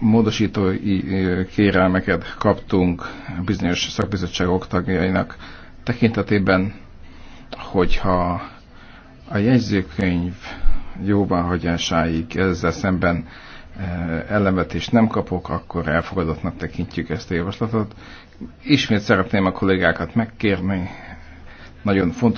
módosítói kérelmeket kaptunk bizonyos szakbizottságok tagjainak tekintetében, hogyha a jegyzőkönyv jóváhagyásáig ezzel szemben ellenvetést nem kapok, akkor elfogadottnak tekintjük ezt a javaslatot. Ismét szeretném a kollégákat megkérni, nagyon fontos